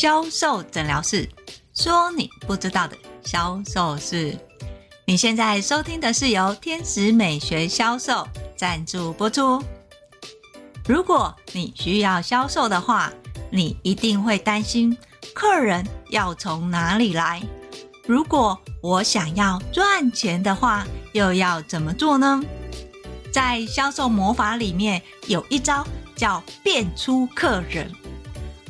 銷售診療室，說你不知道的銷售事。你現在收聽的是由天使美學銷售贊助播出。如果你需要銷售的話，你一定會擔心客人要從哪裡來。如果我想要賺錢的話，又要怎麼做呢？在銷售魔法裡面有一招叫變出客人。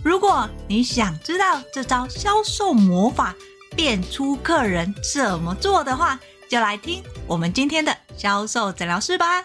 如果你想知道這招銷售魔法變出客人怎麼做的話，就來聽我們今天的銷售診療室吧。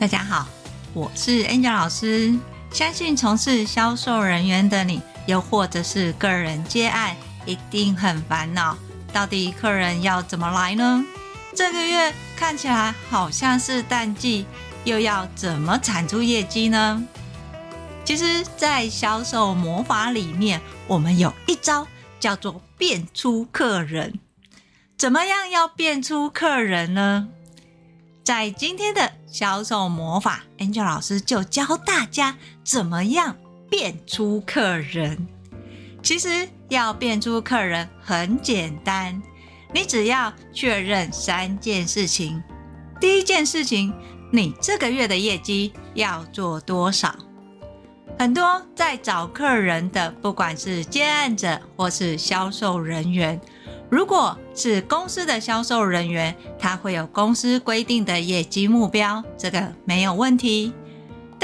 大家好，我是 Angela 老師。相信從事銷售人員的你，又或者是個人接案。一定很煩惱，到底客人要怎麼來呢？這個月看起來好像是淡季，又要怎麼產出業績呢？其實，在銷售魔法裡面，我們有一招叫做“變出客人”。怎麼樣要變出客人呢？在今天的銷售魔法，Angel 老師就教大家怎麼樣變出客人。其實。要變出客人很簡單，你只要確認三件事情。第一件事情，你這個月的業績要做多少？很多在找客人的，不管是接案者或是銷售人員，如果是公司的銷售人員，他會有公司規定的業績目標，這個沒有問題。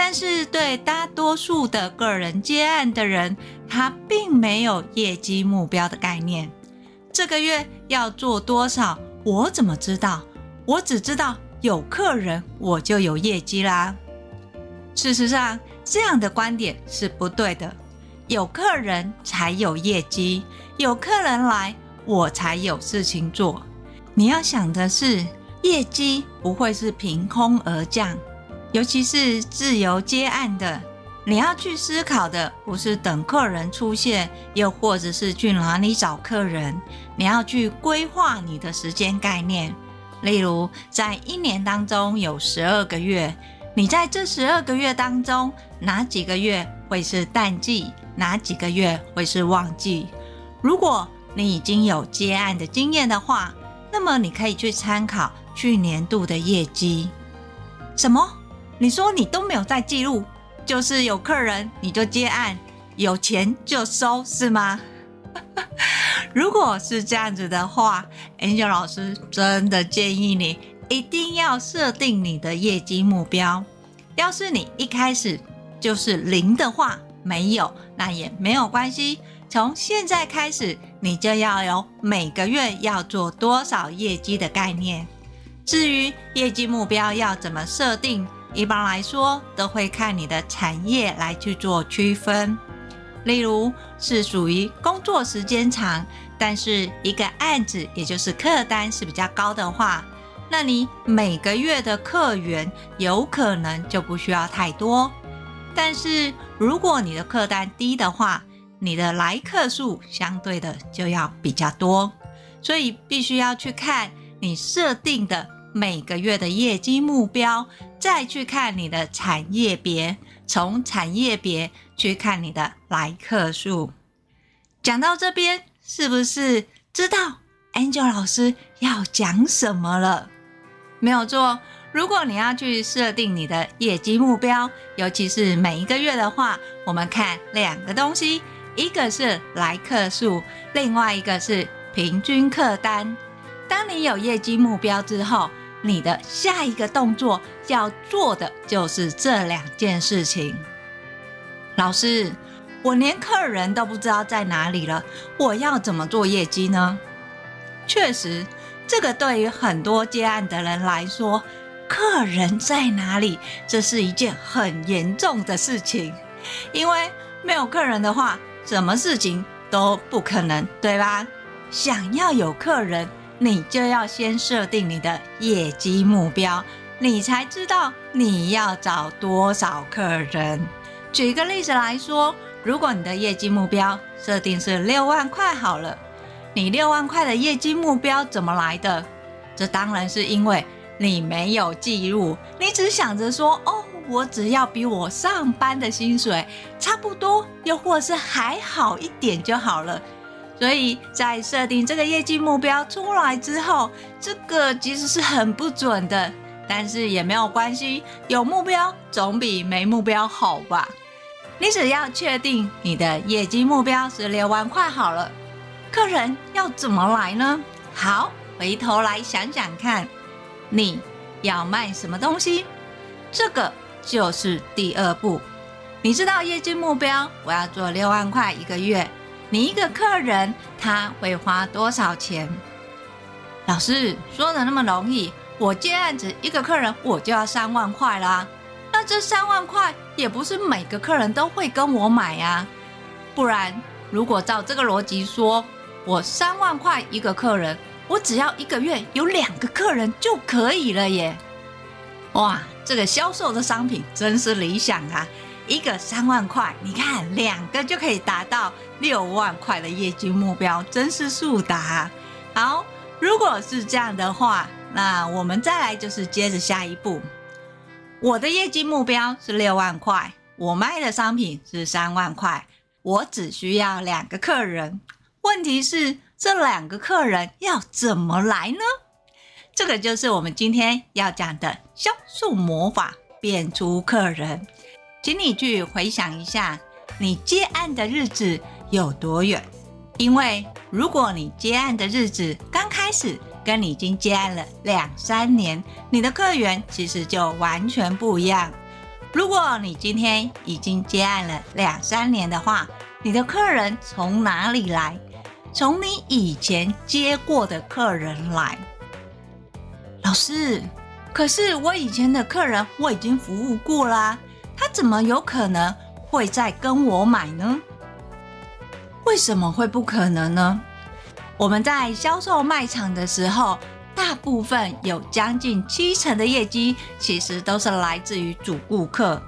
但是，對大多數的個人接案的人，他並沒有業績目標的概念。這個月要做多少，我怎麼知道？我只知道有客人，我就有業績啦。事實上，這樣的觀點是不對的。有客人才有業績，有客人來，我才有事情做。你要想的是，業績不會是憑空而降。尤其是自由接案的，你要去思考的不是等客人出現，又或者是去哪裡找客人，你要去規劃你的時間概念。例如，在一年當中有十二個月，你在這十二個月當中，哪幾個月會是淡季，哪幾個月會是旺季。如果你已經有接案的經驗的話，那麼你可以去參考去年度的業績。什麼？你說你都沒有在記錄，就是有客人你就接案，有錢就收，是嗎？ 如果是這樣子的話，Angel 老師真的建議你一定要設定你的業績目標。要是你一開始就是零的話，沒有，那也沒有關係，從現在開始你就要有每個月要做多少業績的概念。至於業績目標要怎麼設定？一般來說，都會看你的產業來去做區分。例如，是屬於工作時間長，但是一個案子，也就是客單是比較高的話，那你每個月的客源有可能就不需要太多。但是，如果你的客單低的話，你的來客數相對的就要比較多。所以，必須要去看你設定的每個月的業績目標。再去看你的產業別，從產業別去看你的來客數。講到這邊，是不是知道 a n g e l 老師要講什麼了？沒有錯，如果你要去設定你的業績目標，尤其是每一個月的話，我們看兩個東西，一個是來客數，另外一個是平均客單。當你有業績目標之後，你的下一個動作要做的就是這兩件事情。老師，我連客人都不知道在哪裡了，我要怎麼做業績呢？確實，這個對於很多接案的人來說，客人在哪裡，這是一件很嚴重的事情。因為沒有客人的話，什麼事情都不可能，對吧？想要有客人。你就要先設定你的業績目標，你才知道你要找多少客人。舉一個例子來說，如果你的業績目標設定是六萬塊好了，你六萬塊的業績目標怎麼來的？這當然是因為你沒有記錄，你只想着說，哦，我只要比我上班的薪水差不多，又或是還好一點就好了。所以在設定這個業績目標出來之後，這個其實是很不準的，但是也沒有關係，有目標總比沒目標好吧？你只要確定你的業績目標是六萬塊好了，客人要怎麼來呢？好，回頭來想想看，你要賣什麼東西？這個就是第二步。你知道業績目標，我要做六萬塊一個月。你一個客人他會花多少錢？老師說得那麼容易，我接案子一個客人我就要三萬塊啦。那這三萬塊也不是每個客人都會跟我買呀、啊。不然，如果照這個邏輯說，我三萬塊一個客人，我只要一個月有兩個客人就可以了耶。哇，這個銷售的商品真是理想啊！一個三萬塊，你看兩個就可以達到六萬塊的業績目標，真是速達。好，如果是這樣的話，那我們再來就是接着下一步。我的業績目標是六萬塊，我賣的商品是三萬塊，我只需要兩個客人。問題是這兩個客人要怎麼來呢？這個就是我們今天要講的銷售魔法，變出客人。請你去回想一下，你接案的日子有多遠？因為如果你接案的日子剛開始，跟你已經接案了兩三年，你的客源其實就完全不一樣。如果你今天已經接案了兩三年的話，你的客人從哪裡來？從你以前接過的客人來。老師，可是我以前的客人我已經服務過啦啊。他怎麼有可能會再跟我買呢？為什麼會不可能呢？我們在銷售賣場的時候，大部分有將近七成的業績，其實都是來自於主顧客。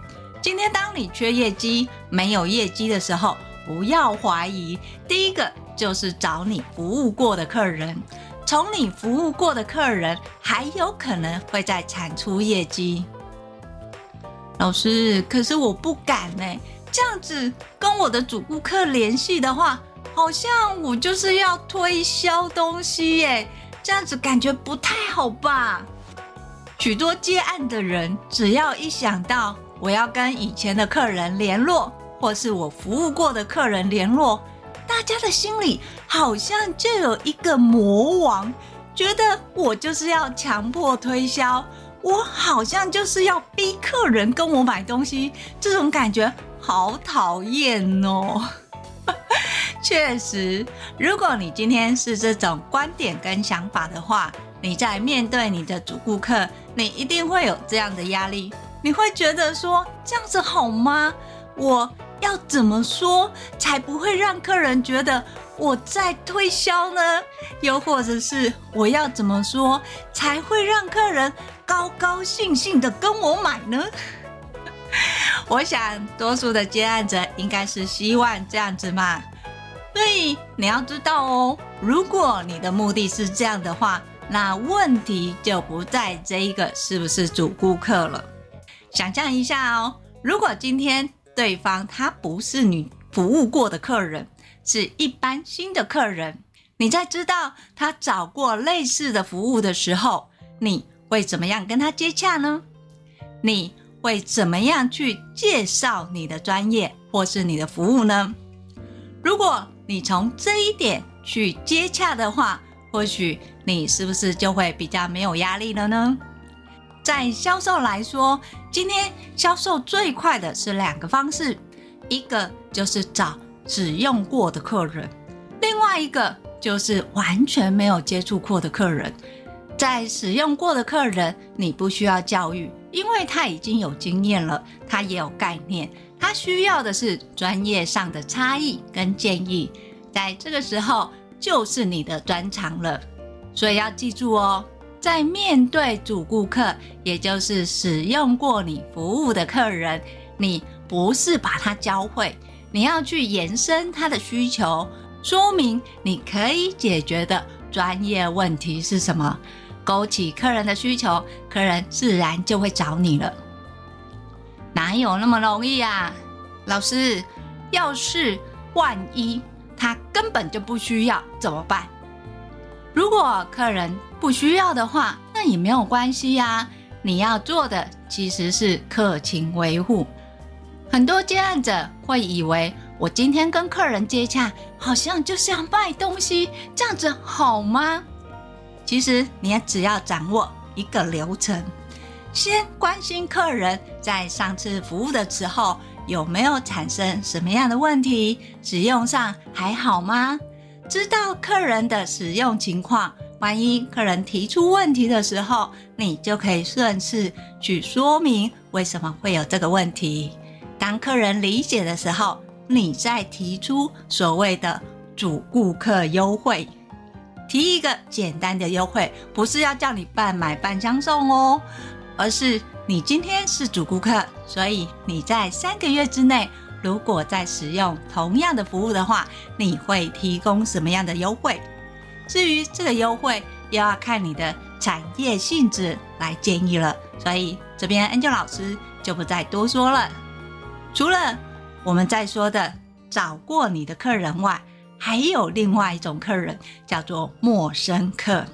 今天當你缺業績、沒有業績的時候，不要懷疑，第一個就是找你服務過的客人，從你服務過的客人，還有可能會再產出業績。老師，可是我不敢呢。這樣子跟我的主顧客聯繫的話，好像我就是要推銷東西耶，這樣子感覺不太好吧？許多接案的人，只要一想到我要跟以前的客人聯絡，或是我服務過的客人聯絡，大家的心裡好像就有一個魔王，覺得我就是要強迫推銷。我好像就是要逼客人跟我買東西，這種感覺好討厭哦。確實， 如果你今天是這種觀點跟想法的話，你在面對你的主顧客，你一定會有這樣的壓力。你會覺得說，這樣子好嗎？我要怎麼說才不會讓客人覺得我在推銷呢？又或者是我要怎麼說才會讓客人？高高興興的跟我買呢？ 我想多數的接案者，應該是希望這樣子嘛，所以你要知道哦，如果你的目的是這樣的話，那問題就不在這一個是不是主顧客了。想象一下哦，如果今天對方他不是你服務過的客人，是一般新的客人，你在知道他找過類似的服務的時候，你會怎麼樣跟他接洽呢？你會怎麼樣去介紹你的專業或是你的服務呢？如果你從這一點去接洽的話，或許你是不是就會比較沒有壓力了呢？在銷售來說，今天銷售最快的是兩個方式，一個就是找使用過的客人，另外一個就是完全沒有接觸過的客人。在使用過的客人，你不需要教育，因為他已經有經驗了，他也有概念，他需要的是專業上的差異跟建議，在這個時候就是你的專長了。所以要記住哦、喔，在面對主顧客，也就是使用過你服務的客人，你不是把他教會，你要去延伸他的需求，說明你可以解決的專業問題是什麼。勾起客人的需求，客人自然就會找你了。哪有那麼容易啊，老師，要是萬一他根本就不需要怎麼辦？如果客人不需要的話，那也沒有關係呀。你要做的其實是客情維護。很多接案者會以為，我今天跟客人接洽，好像就是要賣東西，這樣子好嗎？其實你也只要掌握一個流程，先關心客人在上次服務的時候有沒有產生什麼樣的問題，使用上還好嗎？知道客人的使用情況，萬一客人提出問題的時候，你就可以順勢去說明為什麼會有這個問題。當客人理解的時候，你再提出所謂的主顧客優惠。提一個簡單的優惠，不是要叫你半買半相送哦，而是你今天是主顧客，所以你在三個月之內，如果再使用同樣的服務的話，你會提供什麼樣的優惠？至於這個優惠，又要看你的產業性質來建議了。所以這邊 Angel 老師就不再多說了。除了我們在說的找過你的客人外，還有另外一種客人叫做陌生客，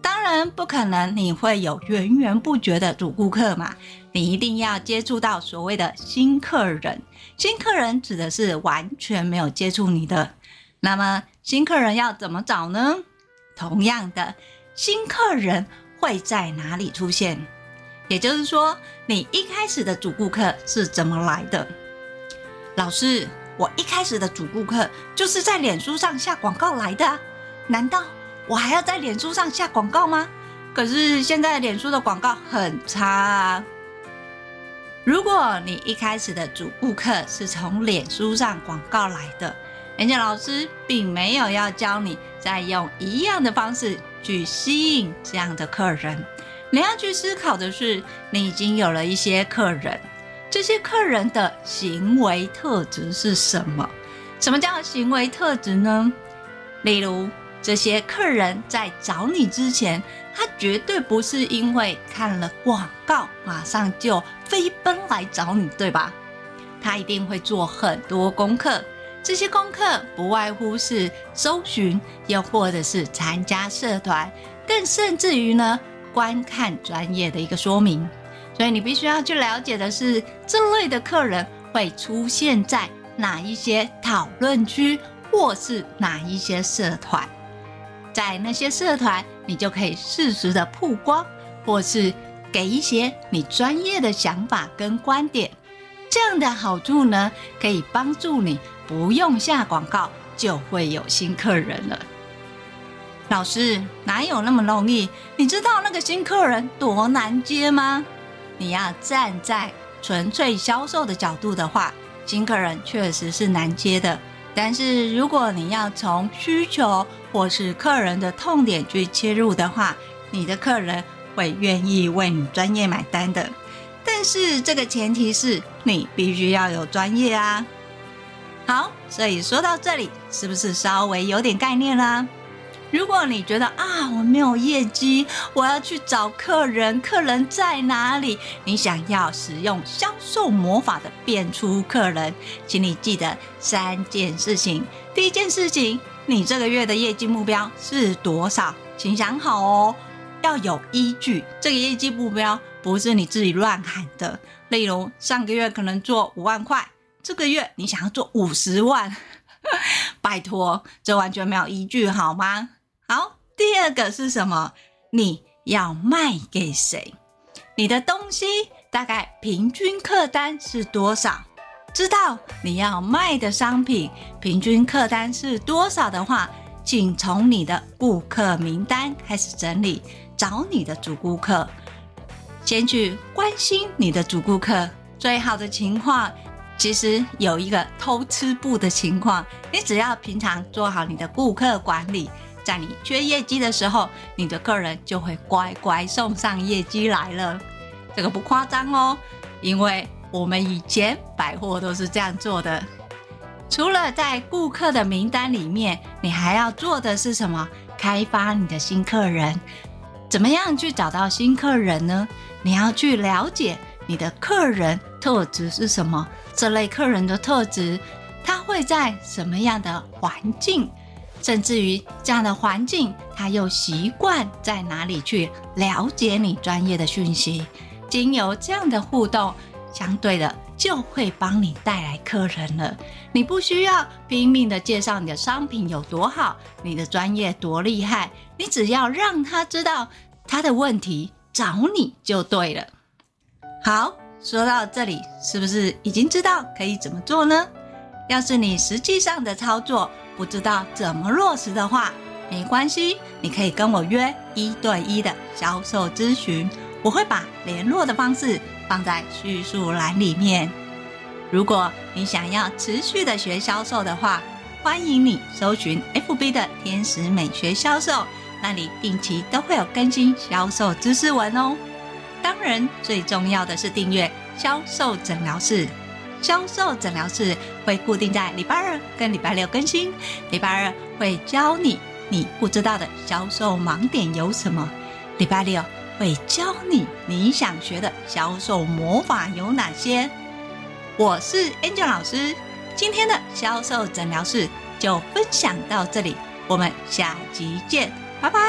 當然不可能你會有源源不絕的主顧客嘛，你一定要接觸到所謂的新客人。新客人指的是完全沒有接觸你的，那麼新客人要怎麼找呢？同樣的，新客人會在哪裡出現？也就是說，你一開始的主顧客是怎麼來的？老師。我一開始的主顧客就是在臉書上下廣告來的啊，難道我還要在臉書上下廣告嗎？可是現在臉書的廣告很差啊。如果你一開始的主顧客是從臉書上廣告來的，人家老師並沒有要教你再用一樣的方式去吸引這樣的客人。你要去思考的是，你已經有了一些客人。這些客人的行為特質是什麼？什麼叫行為特質呢？例如，這些客人在找你之前，他絕對不是因為看了廣告馬上就飛奔來找你，對吧？他一定會做很多功課，這些功課不外乎是搜尋，又或者是參加社團，更甚至於呢，觀看專業的一個說明。所以你必須要去了解的是，這類的客人會出現在哪一些討論區，或是哪一些社團，在那些社團，你就可以適時的曝光，或是給一些你專業的想法跟觀點，這樣的好處呢，可以幫助你不用下廣告就會有新客人了。老師，哪有那麼容易？你知道那個新客人多難接嗎？你要站在純粹銷售的角度的話，新客人確實是難接的。但是如果你要從需求或是客人的痛點去切入的話，你的客人會願意為你專業買單的。但是這個前提是你必須要有專業啊。好，所以說到這裡，是不是稍微有點概念啦？如果你覺得啊我沒有業績，我要去找客人，客人在哪裡？你想要使用銷售魔法的變出客人，請你記得三件事情。第一件事情，你這個月的業績目標是多少？請想好哦，要有依據。這個業績目標不是你自己亂喊的。例如上個月可能做五萬塊，這個月你想要做五十萬，呵呵，拜托，這完全沒有依據好嗎？好，第二個是什麼？你要賣給誰？你的東西大概平均客單是多少？知道你要賣的商品平均客單是多少的話，請從你的顧客名單開始整理，找你的主顧客，先去關心你的主顧客。最好的情況，其實有一個偷吃步的情況，你只要平常做好你的顧客管理。在你缺業績的時候，你的客人就會乖乖送上業績來了。這個不誇張哦，因為我們以前百貨都是這樣做的。除了在顧客的名單裡面，你還要做的是什麼？開發你的新客人。怎麼樣去找到新客人呢？你要去了解你的客人特質是什麼，這類客人的特質，他會在什麼樣的環境？甚至於這樣的環境，他又習慣在哪裡去了解你專業的訊息。經由這樣的互動，相對的就會幫你帶來客人了。你不需要拼命的介紹你的商品有多好，你的專業多厲害，你只要讓他知道他的問題，找你就對了。好，說到這裡，是不是已經知道可以怎麼做呢？要是你實際上的操作。不知道怎麼落實的話，沒關係，你可以跟我約一對一的銷售諮詢，我會把聯絡的方式放在敘述欄裡面。如果你想要持續的學銷售的話，歡迎你搜尋 FB 的天使美學銷售，那裡定期都會有更新銷售知識文哦。當然，最重要的是訂閱銷售診療室。銷售診療室會固定在禮拜二跟禮拜六更新，禮拜二會教你你不知道的銷售盲點有什麼，禮拜六會教你你想學的銷售魔法有哪些。我是 Angel 老師，今天的銷售診療室就分享到這裡，我們下集見，拜拜。